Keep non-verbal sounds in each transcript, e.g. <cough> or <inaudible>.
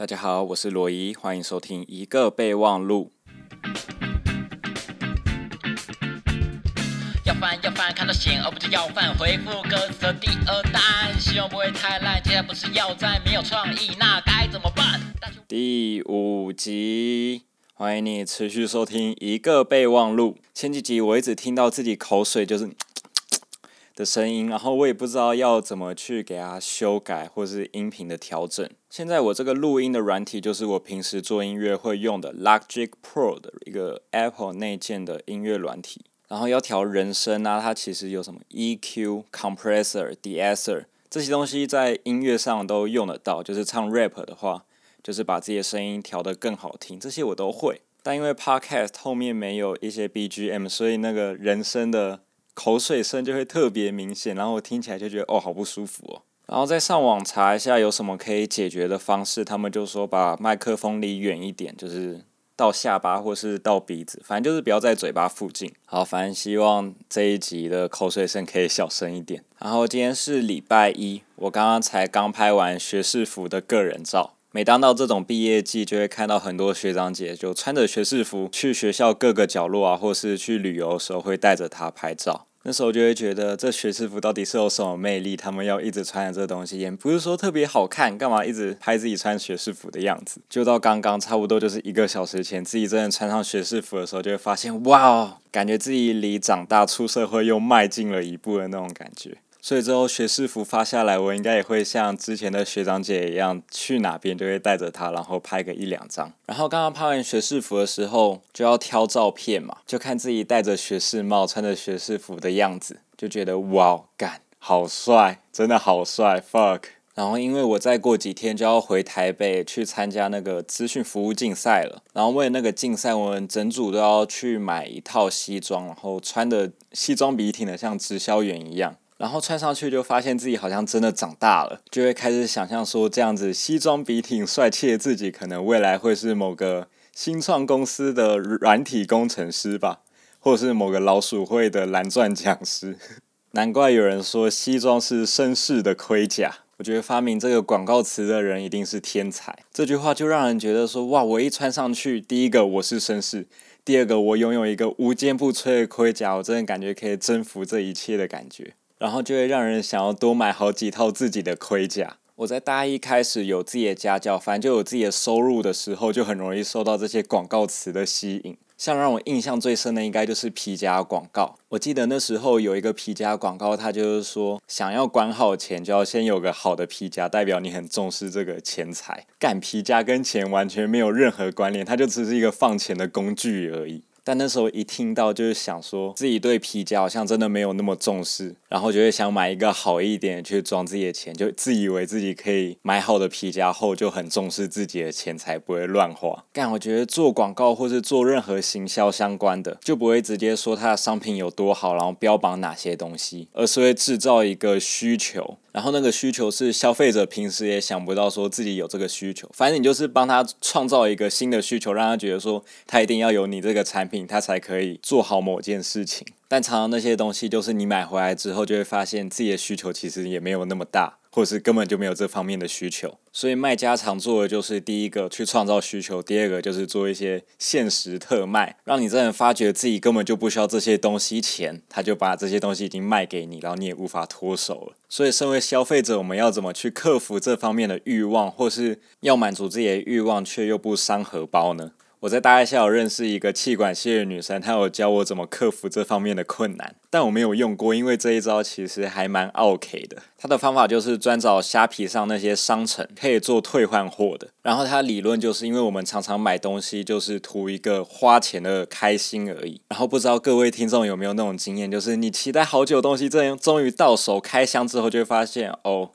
大家好，我是羅伊，歡迎收聽《一個備忘錄》。要飯要飯，看到險惡不就要飯？回復歌詞第二單，希望不會太爛。接下來不是要贊，沒有創意那該怎麼辦？第五集，歡迎你持續收聽《一個備忘錄》。前幾集我一直聽到自己口水就是的聲音，然後我也不知道要怎麼去給它修改或是音頻的調整。現在我這個錄音的軟體就是我平時做音樂會用的 Logic Pro 的一個 Apple 內建的音樂軟體。然後要調人聲啊，它其實有什麼 EQ、Compressor、De-esser 這些東西在音樂上都用得到。就是唱 rap 的話，就是把這些聲音調得更好聽，這些我都會。但因為 Podcast 後面沒有一些 BGM，所以那個人聲的。口水聲就會特別明顯，然後我聽起來就覺得哦，好不舒服哦。然後再上網查一下有什麼可以解決的方式，他們就說把麥克風離遠一點，就是到下巴或是到鼻子，反正就是不要在嘴巴附近。好，反正希望這一集的口水聲可以小聲一點。然後今天是禮拜一，我剛剛才剛拍完學士服的個人照。每當到這種畢業季，就會看到很多學長姐就穿着學士服去學校各個角落啊，或是去旅遊的時候會帶着它拍照。那時候就會覺得，這學士服到底是有什麼魅力？他們要一直穿着這東西，也不是說特別好看，幹嘛一直拍自己穿學士服的樣子？就到剛剛差不多就是一個小時前，自己真的穿上學士服的時候，就會發現，哇哦，感覺自己離長大、出社會又邁進了一步的那種感覺。所以之後學士服發下來，我應該也會像之前的學長姐一樣，去哪邊就會帶着它，然後拍個一兩張。然後剛剛拍完學士服的時候，就要挑照片嘛，就看自己戴着學士帽、穿着學士服的樣子，就覺得哇，幹，好帥，真的好帥，fuck。然後因為我再過幾天就要回台北去參加那個資訊服務競賽了，然後為了那個競賽，我們整組都要去買一套西裝，然後穿的西裝筆挺的，像直銷員一樣。然後穿上去就發現自己好像真的長大了，就會開始想象說這樣子西裝筆挺帥氣的自己，可能未來會是某個新創公司的軟體工程師吧，或者是某個老鼠會的藍鑽講師。 <laughs> 難怪有人說西裝是紳士的盔甲，我覺得發明這個廣告詞的人一定是天才。這句話就讓人覺得說哇，我一穿上去，第一個我是紳士，第二個我擁有一個無堅不摧的盔甲，我真的感覺可以征服這一切的感覺。然後就會讓人想要多買好幾套自己的盔甲。我在大一開始有自己的家教，反正就有自己的收入的時候，就很容易受到這些廣告詞的吸引。像讓我印象最深的，應該就是皮夾廣告。我記得那時候有一個皮夾廣告，他就是說，想要管好錢，就要先有個好的皮夾，代表你很重視這個錢財。幹，皮夾跟錢完全沒有任何關聯，它就只是一個放錢的工具而已。但那時候一聽到就是想說自己對皮夾好像真的沒有那麼重視，然後就會想買一個好一點去裝自己的錢，就自以為自己可以買好的皮夾後就很重視自己的錢，才不會亂花。但我覺得做廣告或是做任何行銷相關的，就不會直接說他的商品有多好，然後標榜哪些東西，而是會制造一個需求，然後那個需求是消費者平時也想不到說自己有這個需求，反正你就是幫他創造一個新的需求，讓他覺得說他一定要有你這個產品品它才可以做好某件事情，但常常那些東西就是你買回來之後，就會發現自己的需求其實也沒有那麼大，或者是根本就沒有這方面的需求。所以賣家常做的就是第一個去創造需求，第二個就是做一些限時特賣，讓你真的發覺自己根本就不需要這些東西錢，他就把這些東西已經賣給你，然後你也無法脫手了。所以，身為消費者，我們要怎麼去克服這方面的欲望，或是要滿足自己的欲望卻又不傷荷包呢？我在大一下有認識一個企管系的女生，她有教我怎麼克服這方面的困難，但我沒有用過，因為這一招其實還蠻 OK 的。她的方法就是專找蝦皮上那些商城可以做退換貨的。然後她理論就是因為我們常常買東西就是圖一個花錢的開心而已。然後不知道各位聽眾有沒有那種經驗，就是你期待好久的東西，終於終於到手，開箱之後就會發現哦。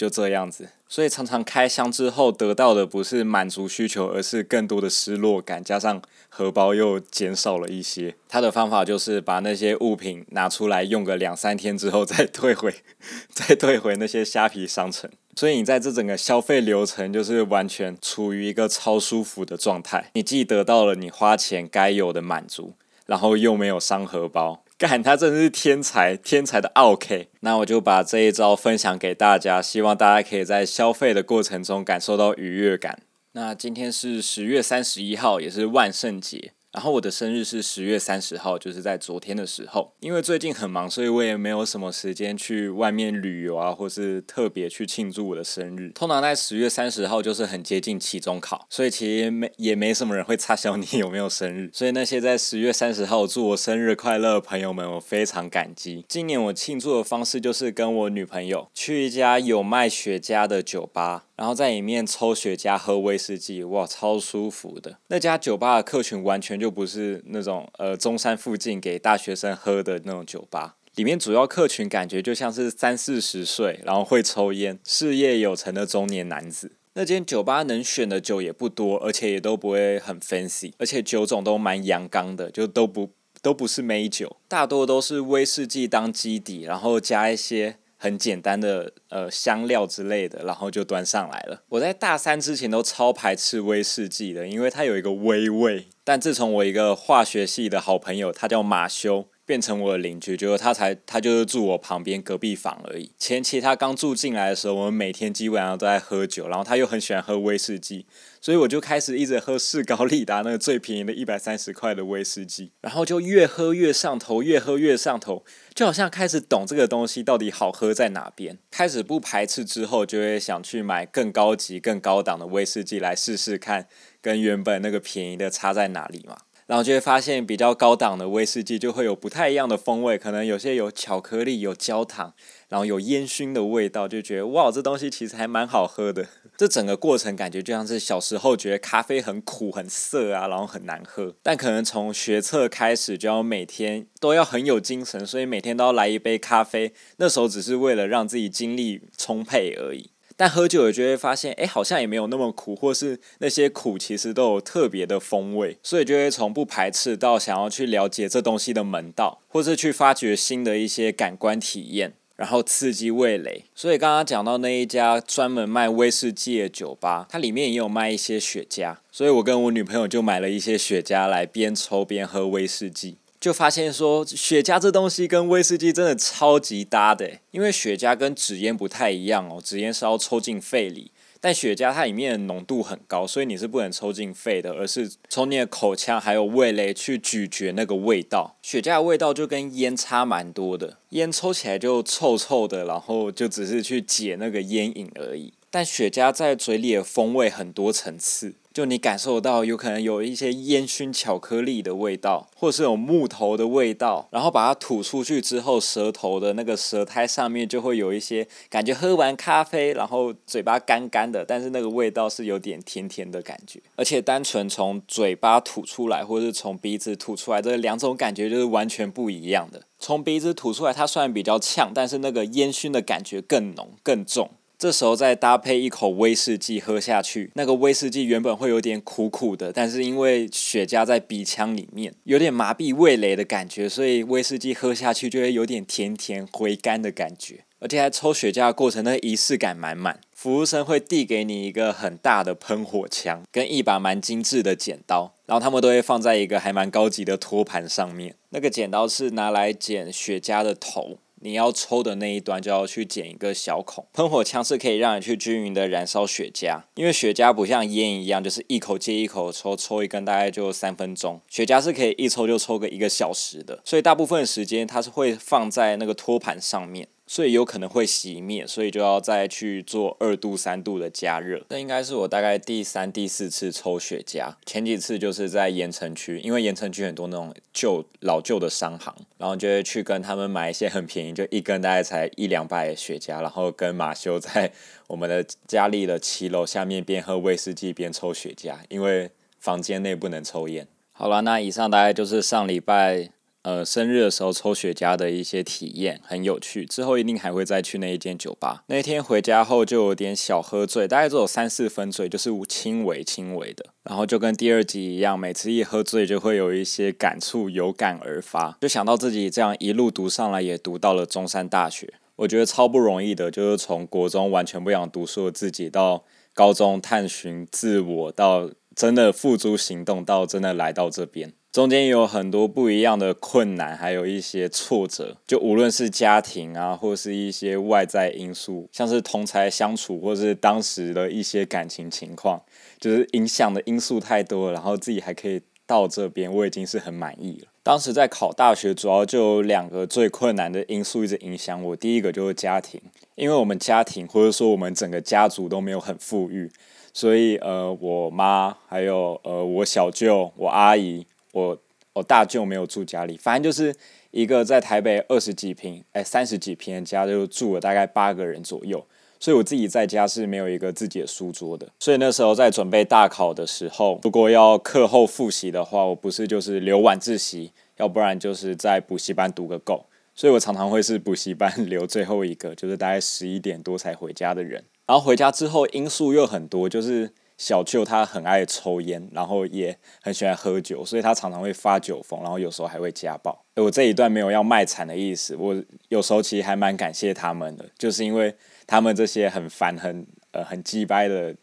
就這樣子，所以常常開箱之後得到的不是滿足需求，而是更多的失落感，加上荷包又減少了一些。他的方法就是把那些物品拿出來用個兩三天之後再退回，再退回那些蝦皮商城。所以你在這整個消費流程就是完全處於一個超舒服的狀態，你既得到了你花錢該有的滿足，然後又沒有傷荷包。幹，他真的是天才，天才的 OK。那我就把這一招分享給大家，希望大家可以在消費的過程中感受到愉悅感。那今天是十月三十一號，也是萬聖節。然後我的生日是十月三十號，就是在昨天的時候。因為最近很忙，所以我也沒有什麼時間去外面旅遊啊，或是特別去慶祝我的生日。通常在十月三十號就是很接近期中考，所以其實也沒也沒什麼人會插銷。你有沒有生日？所以那些在十月三十號祝我生日快樂的朋友們，我非常感激。今年我慶祝的方式就是跟我女朋友去一家有賣雪茄的酒吧。然後在裡面抽雪茄喝威士忌，哇，超舒服的。那家酒吧的客群完全就不是那種呃中山附近給大學生喝的那種酒吧，裡面主要客群感覺就像是三四十歲，然後會抽菸、事業有成的中年男子。那間酒吧能選的酒也不多，而且也都不會很 fancy，而且酒種都蠻陽剛的，就都不都不是梅酒，大多都是威士忌當基底，然後加一些。很簡單的呃香料之類的，然後就端上來了。我在大三之前都超排斥威士忌的，因為它有一個微味。但自從我一個化學系的好朋友，他叫馬修，變成我的鄰居，就是他才他就是住我旁邊隔壁房而已。前期他剛住進來的時候，我們每天基本上都在喝酒，然後他又很喜歡喝威士忌。所以我就開始一直喝士高利達那個最便宜的一百三十塊的威士忌，然後就越喝越上頭，越喝越上頭，就好像開始懂這個東西到底好喝在哪邊，開始不排斥之後，就會想去買更高級、更高檔的威士忌來試試看，跟原本那個便宜的差在哪裡嘛。然後就會發現比較高檔的威士忌就會有不太一樣的風味，可能有些有巧克力，有焦糖，然後有煙燻的味道，就覺得哇，這東西其實還蠻好喝的。 <laughs> 這整個過程感覺就像是小時候覺得咖啡很苦，很澀啊，然後很難喝，但可能從學測開始就要每天都要很有精神，所以每天都要來一杯咖啡。那時候只是為了讓自己精力充沛而已。但喝酒也就會發現，哎、欸，好像也沒有那麼苦，或是那些苦其實都有特別的風味，所以就會從不排斥到想要去了解這東西的門道，或是去發掘新的一些感官體驗，然後刺激味蕾。所以剛剛講到那一家專門賣威士忌的酒吧，它裡面也有賣一些雪茄，所以我跟我女朋友就買了一些雪茄來邊抽邊喝威士忌。就發現說，雪茄這東西跟威士忌真的超級搭的欸，因為雪茄跟紙菸不太一樣哦，紙菸是要抽進肺裡，但雪茄它裡面的濃度很高，所以你是不能抽進肺的，而是從你的口腔還有味蕾去咀嚼那個味道。雪茄的味道就跟菸差蠻多的，菸抽起來就臭臭的，然後就只是去解那個菸癮而已。但雪茄在嘴裡的風味很多層次，就你感受到有可能有一些煙燻巧克力的味道，或者是有木頭的味道。然後把它吐出去之後，舌頭的那個舌苔上面就會有一些感覺。喝完咖啡，然後嘴巴乾乾的，但是那個味道是有點甜甜的感覺。而且單純從嘴巴吐出來，或者是從鼻子吐出來，這兩種感覺就是完全不一樣的。從鼻子吐出來，它雖然比較嗆，但是那個煙燻的感覺更濃更重。這時候再搭配一口威士忌喝下去，那個威士忌原本會有點苦苦的，但是因為雪茄在鼻腔裡面有點麻痹味蕾的感覺，所以威士忌喝下去就會有點甜甜回甘的感覺。而且在抽雪茄的過程，那儀式感滿滿，服務生會遞給你一個很大的噴火槍跟一把蠻精致的剪刀，然後他們都會放在一個還蠻高級的托盤上面。那個剪刀是拿來剪雪茄的頭。你要抽的那一端就要去剪一個小孔。噴火槍是可以讓你去均勻的燃燒雪茄，因為雪茄不像菸一樣，就是一口接一口抽，抽一根大概就三分鐘。雪茄是可以一抽就抽個一個小時的，所以大部分的時間它是會放在那個托盤上面。所以有可能會熄滅，所以就要再去做二度、三度的加熱。那應該是我大概第三、第四次抽雪茄，前幾次就是在鹽埕區，因為鹽埕區很多那種舊老舊的商行，然後就會去跟他們買一些很便宜，就一根大概才一兩百的雪茄，然後跟馬修在我們的家裡的七樓下面邊喝威士忌邊抽雪茄，因為房間內不能抽煙。好了，那以上大概就是上禮拜。呃，生日的時候抽雪茄的一些體驗很有趣，之後一定還會再去那一間酒吧。那一天回家後就有點小喝醉，大概只有三四分醉，就是輕微輕微的。然後就跟第二集一樣，每次一喝醉就會有一些感觸，有感而發，就想到自己這樣一路讀上來，也讀到了中山大學，我覺得超不容易的。就是從國中完全不想讀書的自己，到高中探尋自我，到真的付諸行動，到真的來到這邊。中間有很多不一樣的困難，還有一些挫折，就無論是家庭啊，或是一些外在因素，像是同儕相處，或者是當時的一些感情情況，就是影響的因素太多，然後自己還可以到這邊，我已經是很滿意了。當時在考大學，主要就有兩個最困難的因素一直影響我。第一個就是家庭，因為我們家庭或者說我們整個家族都沒有很富裕，所以呃，我媽還有呃我小舅，我阿姨。我我大舅沒有住家裡，反正就是一個在台北二十幾坪，哎、欸、三十幾坪的家，就住了大概八個人左右。所以我自己在家是沒有一個自己的書桌的。所以那時候在準備大考的時候，如果要課後複習的話，我不是就是留晚自習，要不然就是在補習班讀個夠。所以我常常會是補習班留最後一個，就是大概十一點多才回家的人。然後回家之後因素又很多，就是，小舅他很愛抽菸，然後也很喜歡喝酒，所以他常常會發酒瘋，然後有時候還會家暴。欸，我這一段沒有要賣慘的意思，我有時候其實還蠻感謝他們的，就是因為他們這些很煩、很呃、很雞掰的，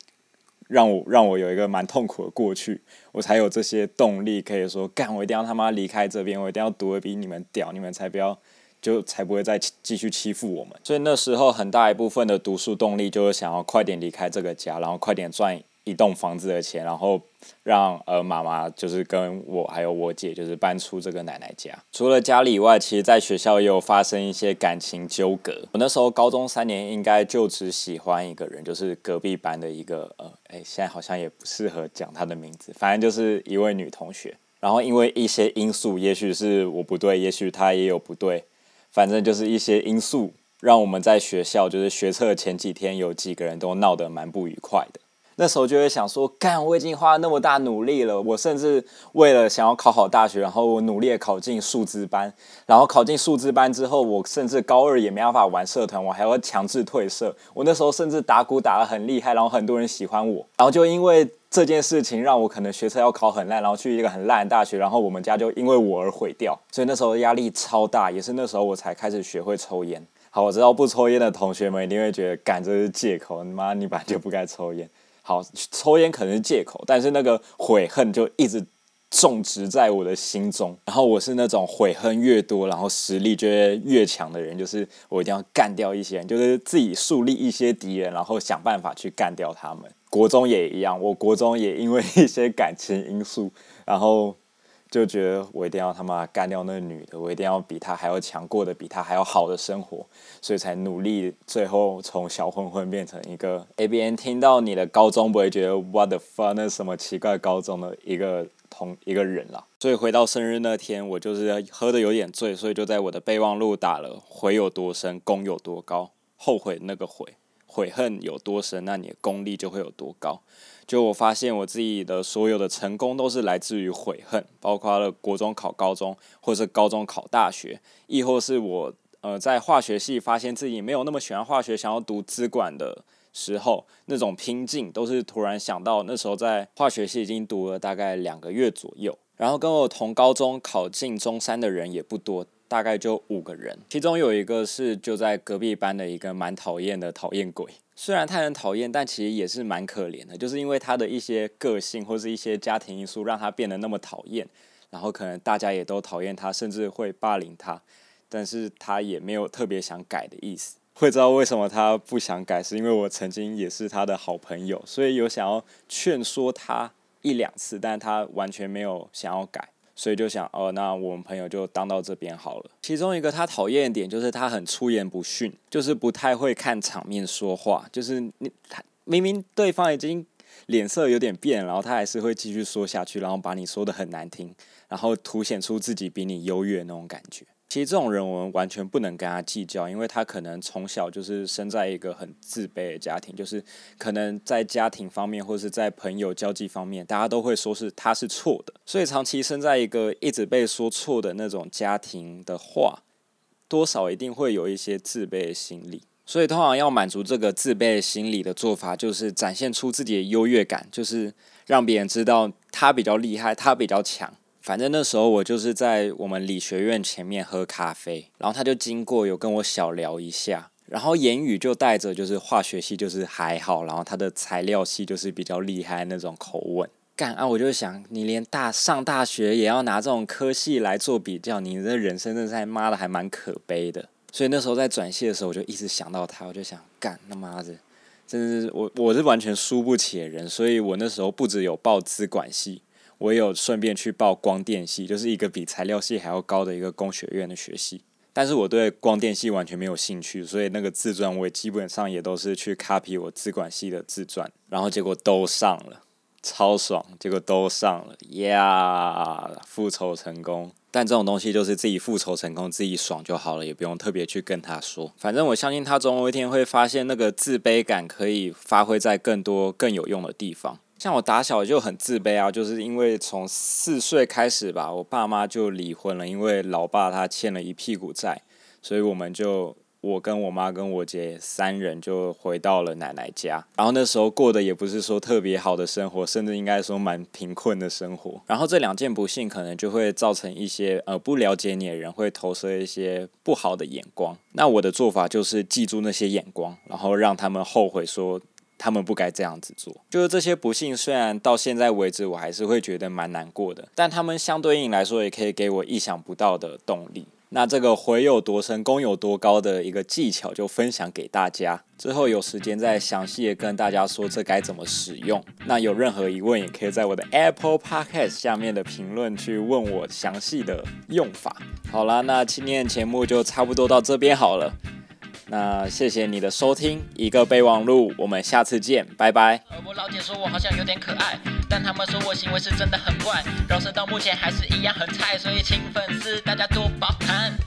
讓我讓我有一個蠻痛苦的過去，我才有這些動力，可以說幹，我一定要他媽離開這邊，我一定要讀得比你們屌，你們才不要就才不會再繼續欺負我們。所以那時候很大一部分的讀書動力就是想要快點離開這個家，然後快點賺。一棟房子的錢，然後讓呃媽媽就是跟我還有我姐就是搬出這個奶奶家。除了家裡以外，其實在學校也有發生一些感情糾葛。我那時候高中三年應該就只喜歡一個人，就是隔壁班的一個呃，哎，現在好像也不適合講她的名字，反正就是一位女同學。然後因為一些因素，也許是我不對，也許她也有不對，反正就是一些因素，讓我們在學校就是學測前幾天有幾個人都鬧得蠻不愉快的。那時候就會想說，幹，我已經花了那麼大努力了，我甚至為了想要考好大學，然後我努力考進數資班，然後考進數資班之後，我甚至高二也沒辦法玩社團，我還要強制退社。我那時候甚至打鼓打得很厲害，然後很多人喜歡我，然後就因為這件事情讓我可能學測要考很爛，然後去一個很爛的大學，然後我們家就因為我而毀掉，所以那時候壓力超大，也是那時候我才開始學會抽煙。好，我知道不抽煙的同學們一定會覺得，幹，這是借口，你媽你本來就不該抽煙。好，抽煙可能是借口，但是那個悔恨就一直種植在我的心中。然後我是那種悔恨越多，然後實力就越強的人，就是我一定要幹掉一些人，就是自己樹立一些敵人，然後想辦法去幹掉他們。國中也一樣，我國中也因為一些感情因素，然後。就覺得我一定要他媽幹掉那個女的，我一定要比她還要強，過得比她還要好的生活，所以才努力，最後從小混混變成一個 A B N。聽到你的高中不會覺得 what the fuck 那什麼奇怪高中的一個同一個人了、啊。所以回到生日那天，我就是喝得有點醉，所以就在我的備忘錄打了悔有多深，功有多高，後悔那個悔，悔恨有多深，那你的功力就會有多高。就我發現我自己的所有的成功都是來自於悔恨，包括了國中考高中，或是高中考大學，亦或是我呃在化學系發現自己沒有那麼喜歡化學，想要讀資管的時候，那種拼勁都是突然想到那時候在化學系已經讀了大概兩個月左右，然後跟我同高中考進中山的人也不多，大概就五個人，其中有一個是就在隔壁班的一個蠻討厭的討厭鬼。雖然他很討厭，但其實也是蠻可憐的。就是因為他的一些個性或是一些家庭因素，讓他變得那麼討厭，然後可能大家也都討厭他，甚至會霸凌他。但是他也沒有特別想改的意思。會知道為什麼他不想改，是因為我曾經也是他的好朋友，所以有想要勸說他一兩次，但他完全沒有想要改。所以就想，哦，那我們朋友就當到這邊好了。其中一個他討厭的點，就是他很出言不遜，就是不太會看場面說話，就是你他明明對方已經臉色有點變，然後他還是會繼續說下去，然後把你說的很難聽，然後凸顯出自己比你優越的那種感覺。其實這種人我們完全不能跟他計較，因為他可能從小就是生在一個很自卑的家庭，就是可能在家庭方面或者是在朋友交際方面，大家都會說是他是錯的，所以長期生在一個一直被說錯的那種家庭的話，多少一定會有一些自卑的心理，所以通常要滿足這個自卑心理的做法，就是展現出自己的優越感，就是讓別人知道他比較厲害，他比較強。反正那時候我就是在我們理學院前面喝咖啡，然後他就經過，有跟我小聊一下，然後言語就帶着就是化學系就是還好，然後他的材料系就是比較厲害那種口吻。幹啊！我就想，你連大上大學也要拿這種科系來做比較，你這人生真是媽的還蠻可悲的。所以那時候在轉系的時候，我就一直想到他，我就想幹他媽的，真是我我是完全輸不起的人，所以我那時候不止有報資管系。我有順便去報光電系，就是一個比材料系還要高的一個工學院的學系。但是我對光電系完全沒有興趣，所以那個自傳我也基本上也都是去 copy 我自管系的自傳，然後結果都上了，超爽，結果都上了，呀，復仇成功。但這種東西就是自己復仇成功，自己爽就好了，也不用特別去跟他說。反正我相信他總有一天會發現那個自卑感可以發揮在更多更有用的地方。像我打小就很自卑啊，就是因為從四歲開始吧，我爸媽就離婚了，因為老爸他欠了一屁股債，所以我們就我跟我媽跟我姐三人就回到了奶奶家。然後那時候過得也不是說特別好的生活，甚至應該說蠻貧困的生活。然後這兩件不幸可能就會造成一些呃，不了解你的人會投射一些不好的眼光。那我的做法就是記住那些眼光，然後讓他們後悔說。他們不該這樣子做，就是這些不幸，雖然到現在為止我還是會覺得蠻難過的，但他們相對應來說，也可以給我意想不到的動力。那這個“悔有多深，功有多高”的一個技巧就分享給大家，之後有時間再詳細的跟大家說這該怎麼使用。那有任何疑問，也可以在我的 Apple Podcast 下面的評論區問我詳細的用法。好啦，那今天的節目就差不多到這邊好了。那謝謝你的收聽，一個備忘錄，我們下次見，拜拜。我老姐說我好像有點可愛，但他們說我行為是真的很怪，饒舌到目前還是一樣很菜，所以請粉絲大家多包涵。